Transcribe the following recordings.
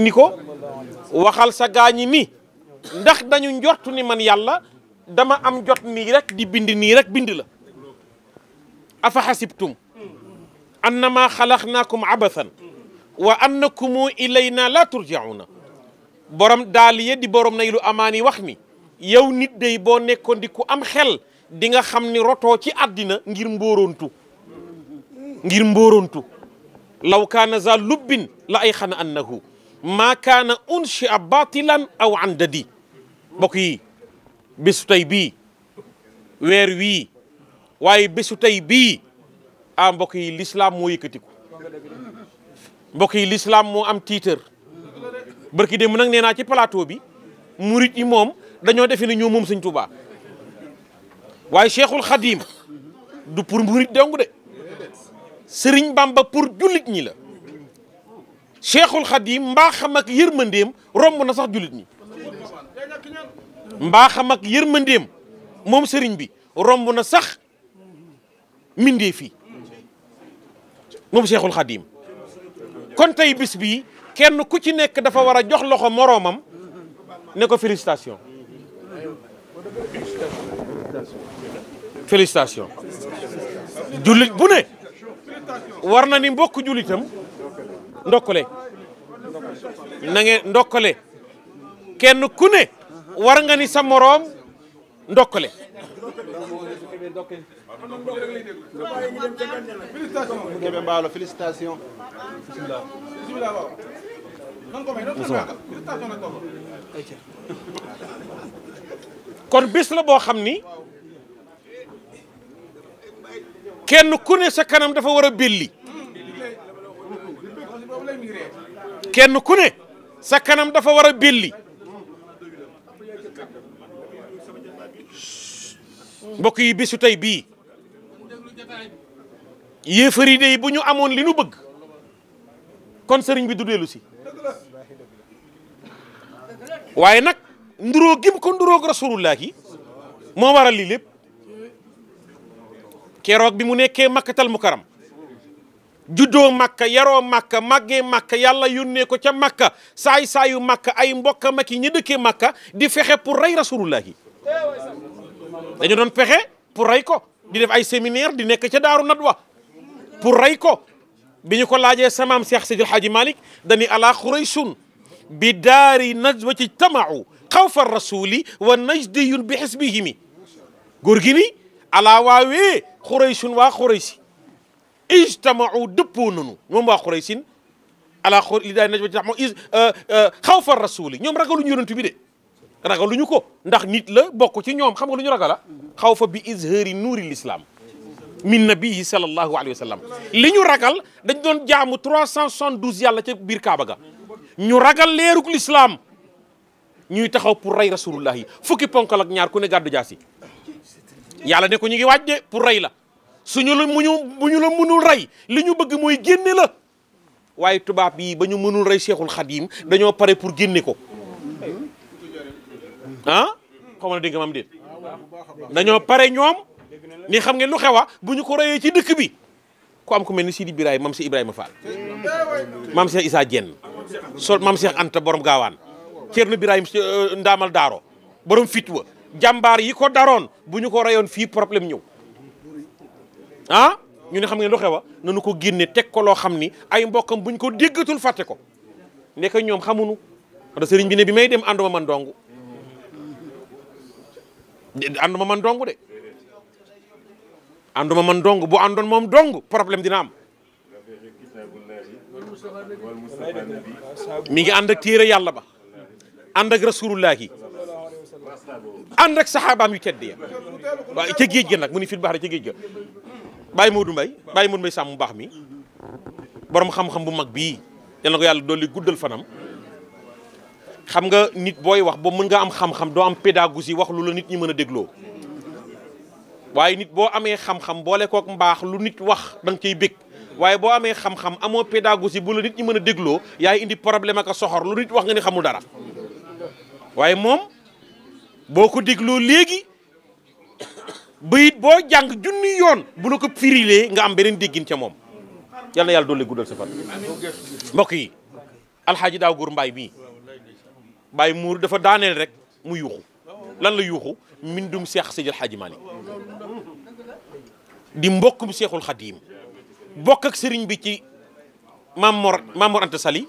ni ko waxal sa gaañi mi ndax dañu njort ni man yàlla dama am jot nii rek di bind nii rek bind la afa xasibtum annama xalaqnaakum abathan wa annakumu ilayna la turjauna borom daaliye di borom nay lu amaani wax ni yow nit day boo nekkoon di am xel dinga xam ni rotoo ci àddina ngir mbóorontu ngir mbóorontu law kaana za lubbin la ay xana annahu maa kaana unshia batilan aw an dadi mbokk yi bésu tey bii weer wii waaye bésu tey bii a ah, mbokk yi lislaam moo yëkkatiku mbokk yi lislaam moo am tiitër barki dem nag nee naa ci plateau bi murit yi moom dañoo defe ne ñoo moom sëñ Tuubaa waaye Cheikhul Khadim du pour murit dong de Sëriñ Bamba pour jullit ñi la cheikhul xadim mbaaxam ak yërmandeem romb na sax julit ñi mbaaxam ak yërmandeem moom sëriñ bi romb na sax mindee fi moom cheikhul xadim kon tey bis bii kenn ku ci nekk dafa war a jox loxo moroomam ne ko félicitation félicitation julit bu war na ni mbokk jullitam ndokkale na ngeen kenn ku ne war nga ni sa moroom ndokkale Kébé Mballo félicitation kon bés la boo xam ni kenn ku ne sa kanam dafa war a belli kenn ku ne sa kanam dafa war a belli mbokk yi tey bii yéefar yi bu ñu amoon li nu bëgg kon sëriñ bi du dellu waaye nag nduróo gim ko nduróog rasulullah yi moo waral lii lépp keroog bi mu nekkee makkatal mukaram juddoo makka yaroo makka màggee makka yàlla yónnee ko ca makka saay saayu makka ay mbokka maki ñi dëkkee makka di fexe pour rey rasulullahi dañu doon pexe pour rey ko di def ay séminaire di nekk ca daaru nadwa pour rey ko bi ñu ko laajee samaam Cheikh Sidil Hadji Malick dañi ala xuraysun bi daari najwa ci tamaau xawfa rasuli wa najdiyun bi xisbihimi góor gi ni ala waawee xuraysun waa xuraysi ijtamau dëppoo nanu moom waa Quraysin ala xo li daay najwa ci tax moom is euh, euh, xawfa rasuli ñu ragaluñu yonent bi de ñu ko ndax nit la bokk ci ñoom xam nga lu ñu ragala xawfa bi izhari nuuri l'islam min nabiyi sallallahu alayhi wa sallam li ñu ragal dañ doon jaamu 372 yàlla ca biir Kaaba ga ñu ragal leeruk l'islam ñuy taxaw pour rey rasulullah yi fukki ponkal ak ñaar ku ne gàddu jaasi yàlla ne ko ñu waaj de pour la suñu la muñu bu ñu la mënul rey li ñu bëgg mooy génne la waaye tubaab yi ba ñu mënul rey Cheikhul Khadim dañoo pare pour génne ko ah xaw ma nga maam déet dañoo pare ñoom ni xam ngeen lu xewa ah? bu ñu ko reyee ci dëkk bi ku am ku mel ni Sidi Biraye maam si Ibrahima Fall maam Cheikh Issa Diène sol maam Cheikh Anta borom gaawaan Thierno Birahim euh, Ndaamal Daaro borom fit wa jàmbaar yi ko daroon bu ñu ko reyoon fii problème ñëw ah ñu ne xam ngeen lu xewa nanu ko génne teg ko loo xam ni ay mbokkam buñ ko déggatul fàtte ko ndeka ñoom xamuñu da sëriñ bi ne bi may dem ànduma man dong ànduma man dong de ànduma man dong bu àndoon moom dong problème dina am mi ngi ànd ak téere yàlla ba ànd ak rasulullah yi ànd ak saxaabaam yu tedd ya waaw ca géej ga nag mu ni fil baxar ca géej ga Baye Modou Mbaye Baye Modou Mbaye sàmm mu baax mi boroom xam-xam bu mag bii yal na ko yàlla dolli guddal fanam xam nga nit booy wax ba mën nga am xam-xam doo am pédagogie wax lu nit ñi mën a dégloo waaye nit boo amee xam boole kook mbaax lu nit wax da nga cay bég waaye boo amee xam-xam amoo pédagogie bu la nit ñi mën a dégloo yaay indi problème ak a soxor lu nit wax nga ni xamul dara waaye moom boo ko dégloo léegi. bayit boo jàng junni yoon bu la ko firilee nga am beneen déggin ca moom yal na yàlla doole guddal sa fan yi alxaaji daaw góor mbaay bii mbaay muur dafa daaneel rek mu yuuxu lan la yuuxu mbindum seex sëjal xaaji maalik di mbokkum seexul xadiim bokk ak sëriñ bi ci maam Mor maam Mor Anta Sali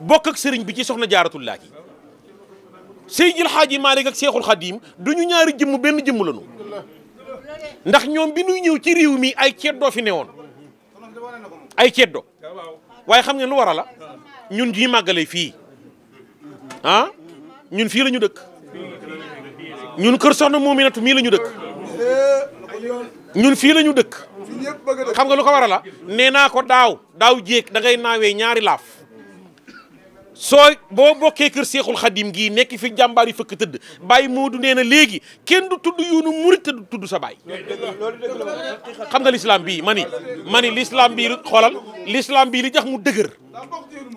bokk ak sëriñ bi ci soxna jaaratullaahi sëjal xaaji maalik ak seexul xadiim du ñu ñaari jëmm benn jëmm lanu ndax ñoom bi ñuy ñëw ci réew mi ay ceddoo fi newoon ay ceddo waaye xam ngeen lu war a la ñun ñuy màggale fii ah ñun fii lañu dëkk ñun kër soxna Moominatu mii la ñu dëkk ñun fii lañu dëkk xam nga lu ko war a la nee naa ko daaw daaw jéeg da ngay naawee ñaari laaf soo boo bokkee kër seexul xadim gii nekk fi jàmbaar yi fëkk tëdd bàyyi Moodu nee na léegi kenn du tudd nu murit te du tudd sa baay xam nga lislaam bii ma ni ma ni l'islam bii xoolal l'islam bii li tax mu dëgër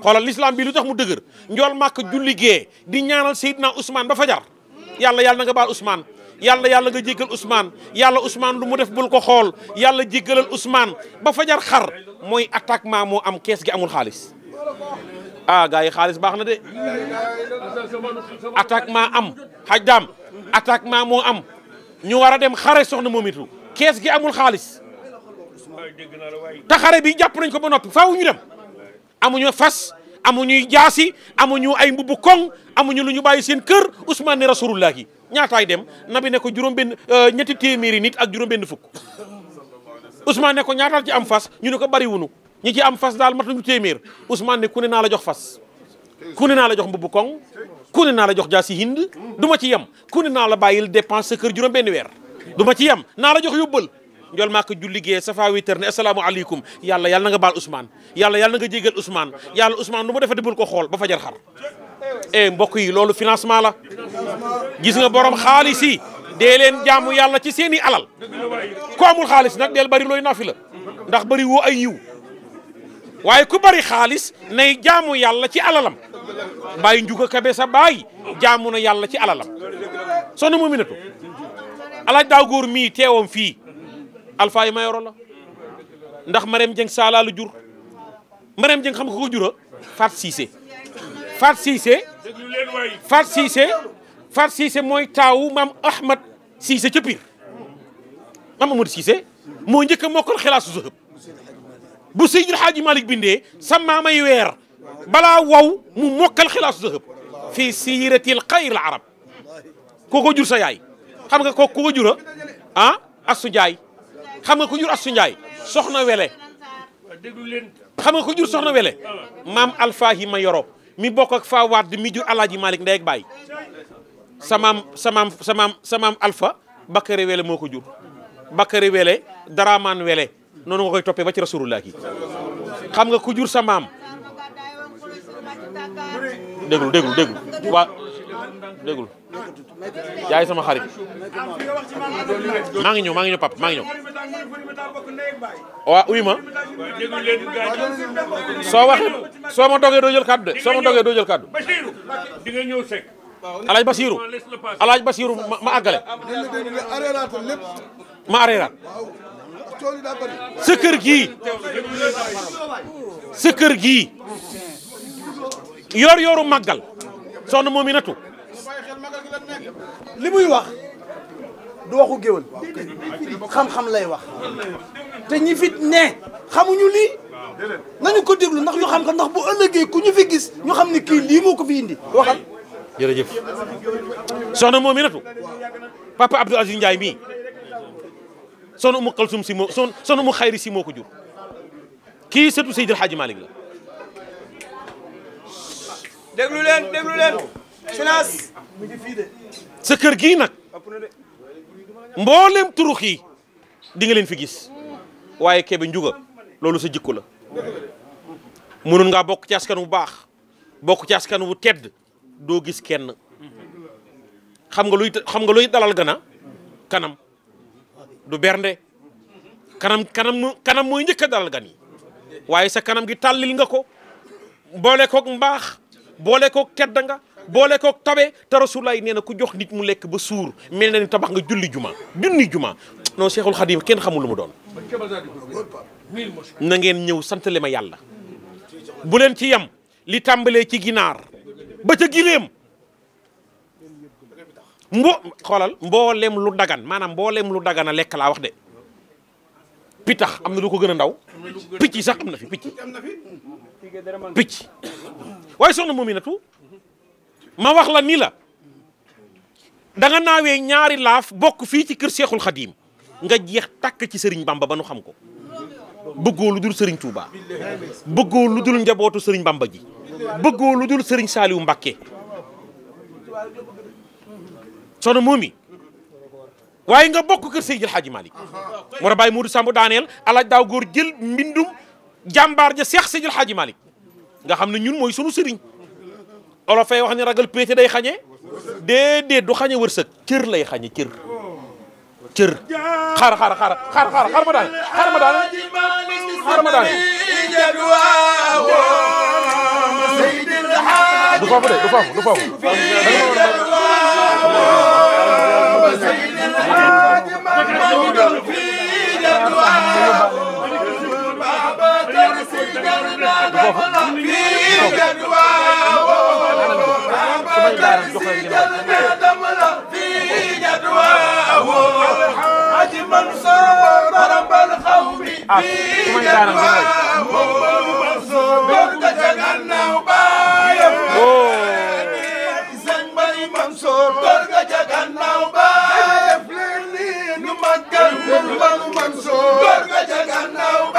xoolal l'islam bii lu tax mu dëgër njool màkk julli gee di ñaanal Seydina Ousmane ba fajar yàlla yàlla na nga baal Ousmane yàlla yàlla nga jéggal Ousmane yàlla Ousmane lu mu def bul ko xool yàlla jéggalal Ousmane ba fajar xar mooy attaquement moo am kees gi amul xaalis a ah, gars yi xaalis baax na de attaquement am xaj daam attaquement moo am ñu war a dem xare soxna moomitu kees gi amul xaalis te xare bi jàpp nañ ko ba noppi faaw ñu dem amuñu fas amuñuy jaasi amuñu ay mbubu koŋ amuñu lu ñu bàyyi seen kër Ousmane ne rasulullah yi ñaataay dem nabi nekko ko juróom benn euh, ñetti téeméeri nit ak juróom benn fukk Ousmane nekko ko ñaataal am fas ñu ne ko bari wunu ñi ci am fas daal mat nañu téeméer Ousmane ne ku ne naa la jox fas ku ne naa la jox mbubu koŋ ku ne naa la jox jaasi hind du ma ci yem ku ne naa la bàyyil dépense sa kër juróom benn weer du ma ci yem naa la jox yóbbal njol maa ko julli gee safa wittar ne asalaamu aleykum yàlla yàlla na nga baal Ousmane yàlla yàlla na nga jégal Ousmane yàlla Ousmane lu ma defati bul ko xool ba fajar xar e mbokk yi loolu financement la gis nga borom xaalis yi dee leen jaamu yàlla ci seen i alal xaalis nag deel bari looy nafi la ndax bari ay yiw waaye ku bari xaalis nay jaamu yàlla ci alalam bàyyi njuga kabe sa bàyyi jaamu na yàlla ci alalam soxna Muminatu alaaj daaw góor mii teewam fii alpha yi mayoro la ndax Marème Dieng Saala la jur Marème Dieng xam nga jura Fat Cissé Fat Cissé Fat Cissé Fat Cissé mooy taawu maam Ahmad Cissé ca maam Amadou Cissé moo njëkk a mokkal xilaasu bu Seydil Haaji Malick bindee sa maamay weer balaa wow mu mokkal xilaasu dëhëb fii siiratil xayril arab kooko jur sa yaay xam nga ko ko ah, xam nga ko jur Assu Njaay soxna wele xam nga ko jur soxna wele maam alfaahi ma yoro mi bokk ak faa waat mi jur alaaji Malick ndey ak baay sa maam sa maam sa maam sa wele moo ko wele noonu nga koy toppee ba ci rasulullah ki xam nga ku jur sa maam déglu déglu déglu yaay sama xarit maa ngi ñëw maa pap maa ngi ñëw waaw ma soo waxee soo ma dogee doo jël kàddu de soo ma dogee doo jël kàddu di alaaj basiiru alaaj ma àggale ma areeraat sa kër gii sa kër gii yor yoru màggal soxna Mominatou li muy wax du waxu géwël xam-xam lay wax te ñi fit ne xamuñu lii nañu ko déglu ndax ñu xam ko ndax bu ëllëgee ku ñu fi gis ñu xam ni kii lii moo ko fi indi waxal jërëjëf soxna Mominatou papa Abdou Aziz Ndiaye soxna umu kalsum si moo si moo ko jur kii sëtu Seydil Hadji Malick la déglu leen déglu leen silence sa kër gii nag mboolem turux xii di nga leen fi gis waaye Kébé njuga loolu sa jikko la mënoon ngaa bokk ci askan wu baax bokk ci askan bu tedd doo gis kenn xam nga luy xam nga luy dalal gana kanam du bernde kanam kanam kanam mooy njëkk a dalal waaye sa kanam gi tàllil nga ko boole koog mbaax boole koog tedd nga boole koog tabe te rasulaay nee na ku jox nit mu lekk ba suur mel na ni tabax nga julli jumaa junni juma non Cheikhul Khadim kenn xamul lu mu doon na ñëw santale ma yàlla bu leen ci yam li tàmbalee ci ginaar ba ca gileem mbo xoolal mboolem lu dagan maanaam mboolem lu dagan a lekk laa wax de pitax am na lu ko gën a ndaw picc yi sax am na fi picc picc waaye soxna Mominatou ma wax la ni la danga naawee ñaari laaf bokk fii ci kër Seexul Xadiim nga jeex takk ci Sëriñ Bamba ba nu xam ko bëggoo lu dul Sëriñ Tuubaa bëggoo lu dul njabootu Sëriñ Bamba ji bëggoo lu dul Sëriñ Saaliwu Mbàkke soxna moomi waaye nga bokk kër Seydil Hadji Malick moo a bàyyi Modou Samb daaneel alaaj daaw góor jël mbindum jàmbaar ja seex Seydil Hadji Malick nga xam ne ñun mooy sunu sëriñ olo fay wax ne ragal péete day xañe déedéet du xañe wërsëg cër lay xañe cër cër xaar xaar xaar ma daane xaar ma daane du foofu de du foofu du foofu Aji Mansour, Rabbal Khawmi, Bi Jadwa, Mansour góor nga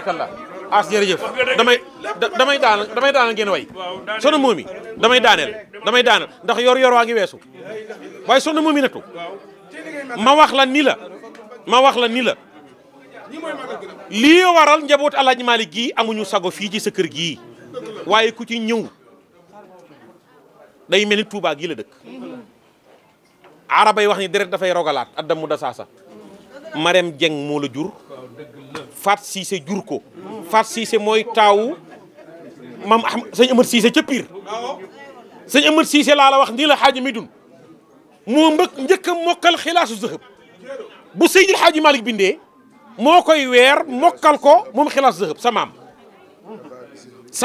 ca as jërëjëf damay damay daanal damay way sunu moomi damay daaneel damay daaneel ndax yor yor waa ngi weesu waaye sunu moomi natu ma wax la ni la ma wax la ni la lii waral njaboot Alaaji Maalik gii amuñu sago fii ci sa kër gii waaye ku ci ñëw day mel ni Touba gii la dëkk araba wax ni deret dafay rogalaat addam mu dasaasa Marème Dieng moo la jur Faat Siise jur ko Faat Siise mooy taawu maam ah sëñ Amar Siise ca Pire sëñ Siise laa wax nii la mi dun moo njëkk a mokkal xilaasu zëhëb bu Seydil Xaaji Malick bindee moo koy weer mokkal ko moom xilaasu zëhëb sa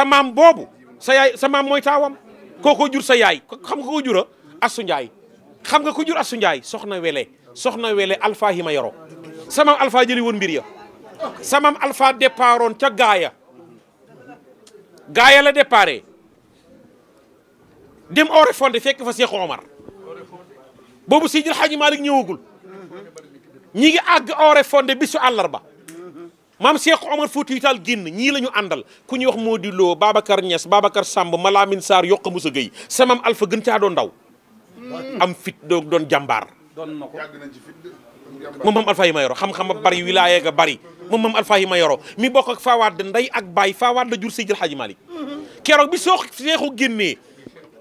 maam boobu sa yaay sa mooy taawam kookoo jur sa yaay xam nga ko jura Assu Njaay xam nga ko jur Assu Njaay soxna wele soxna wele alpha yi ma yoro samam alpha jëli woon mbir ya samam alpha départoon ca gaaya gaaya la déparé dem ore fonde fekk fa Seexu Omar boobu Seydil Hadji Malick ñëwagul ñi ngi àgg ore fonde bisu àllarba maam Cheikh Omar Foutiyou Tall génn ñii la ñu àndal ku ñuy wax Modou Lo Babacar Niass Babacar Samb Malamine Sarr yokk Moussa Gueye samam alpha gën caa doon ndaw hmm. am fit doo doon jàmbaar moom maam alpha yi ma yoro xam-xam a bari wilaaye ga bari moom maam alpha ma yoro mi bokk ak Fawad nday ak baay Fawad la jur Seydil Hadji Malick hmm. keroog bi soo seexu génnee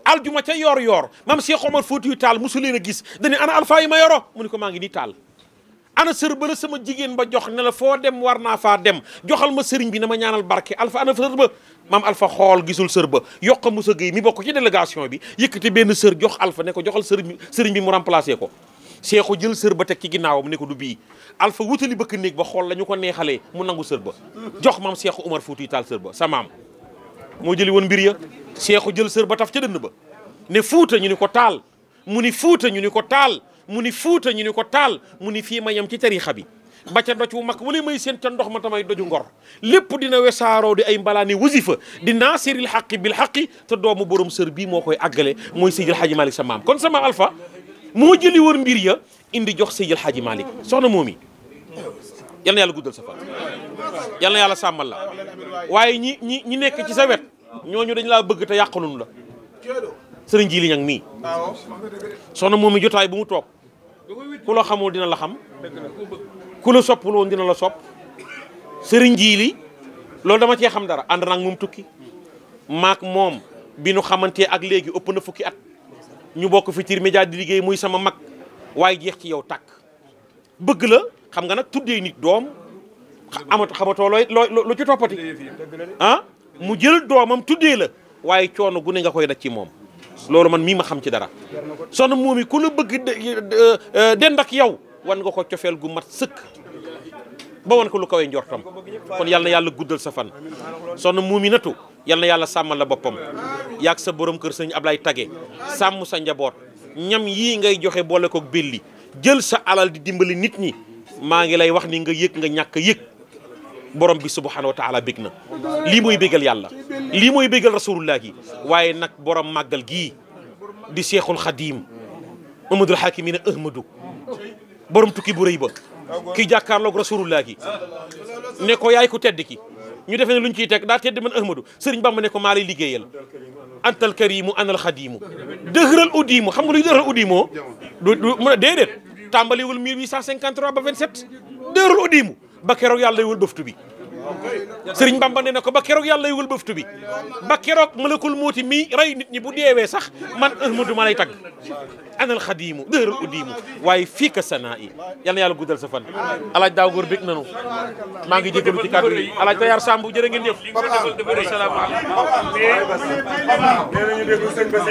aljuma ca yoor yoor maam Cheikh Omar Foutiyou taal mosu leen gis dañu ana alpha yi ma yoro mu ni ko maa ngi nii taal ana sër ba la sama jigéen ba jox ne la foo dem war naa faa dem joxal ma sëriñ bi na ma ñaanal barke alfa ana sër ba maam alfa xool gisul sër ba yokk Moussa Gueye mi bokk ci délégation bi yëkkati benn sër jox alfa ne ko joxal sëriñ bi sëriñ bi mu remplacé ko jël sër ba teg ci ginnaawam ne ko du bii alfa wutali bëkk néeg ba xool la ñu ko neexalee mu nangu sër ba jox maam seexu Umar Fuuti Taal sër ba sa maam moo jëli woon mbir ya seexu jël sër ba taf ca dënn ba ne fuuta ñu ni ko taal mu ni fuuta ñu ni ko taal mu ni fuuta ñu ni ko taal mu ni fii ma yem ci tariixa bi ba ca doj wu mag wala may seen ta ndox ma tamay doju ngor lépp dina wesaaroo di ay mbalaani wasifa dina naasiril xaqi bil xaqi te doomu borom sër bii moo koy àggale mooy Seydil Hadji Malick sa maam kon sama alpha moo jëli woon mbir ya indi jox Seydil Hadji Malick soxna moom yi yal na yàlla guddal sa fan yal na yàlla sàmmal la waaye ñi ñi ñi nekk ci sa wet ñooñu dañ laa bëgg te yàqalunu la sëriñ ji li ñang soxna moom yi jotaay bu mu toog ku la xamul dina la xam ku la soppul woon dina la sopp sëriñ jiili loolu dama cee xam dara ànd naag tukki maak moom bi nu xamantee ak léegi ëpp na fukki at ñu bokk Futurs Médias di liggéey muy sama mag waaye jeex ci yow tàkk bëgg la xam nga nag tuddee nit doom amatu xamatoo looy lu ci toppati ah mu jël doomam tuddee la waaye coono gu ne nga koy daj ci moom loolu man mii ma xam ci dara soxna Momy ku la bëgg euh, euh, dend ak yow wan nga ko cofeel gu mat sëkk ba wan ko lu kawee njortam kon yal yàlla guddal sa fan soxna Momy Natu yal yàlla sàmmala boppam yaag sa borom kër sëñ Ablaye Tage sàmm sa njaboot ñam yii ngay joxe boole koog belli jël sa alal di dimbali nit ñi maa ngi lay wax ni nga yëg nga ñàkk a borom bi subhanahu wa taala na lii mooy bégal yàlla lii mooy bégal rasulullah gi waaye nag borom màggal gii di seexul xadiim amadul xaakim yi ne ahmadu borom tukki bu rëy ba ki jàkkaarloog rasulullah gi ne ko yaay ku tedd ki ñu defee ne lu ñu ciy teg daa tedd man ahmadu sëriñ bamba ne ko maa lay liggéeyal antal karimu anal xadiimu dëgëral uddiimu xam nga luy dëgëral uddiimoo du du mu ne déedéet tàmbaliwul 1853 ba 27 dëgëral uddiimu ba keroog yàlla day wëlbëftu bi sëriñ Bamba ne na ko ba keroog yàlla yëgul bëftu bi ba keroog malakul mooti mii rey nit ñi bu deewee sax man ahmadu ma lay tagg anal xadiimu dëhëral uddiimu waaye fii ka sanaa yi yal na yàlla guddal sa fan alaaj daaw góor bég nanu maa ngi jégalu ci kàddu yi alaaj Tayar Samb jërë ngeen jëf asalaamaaleykum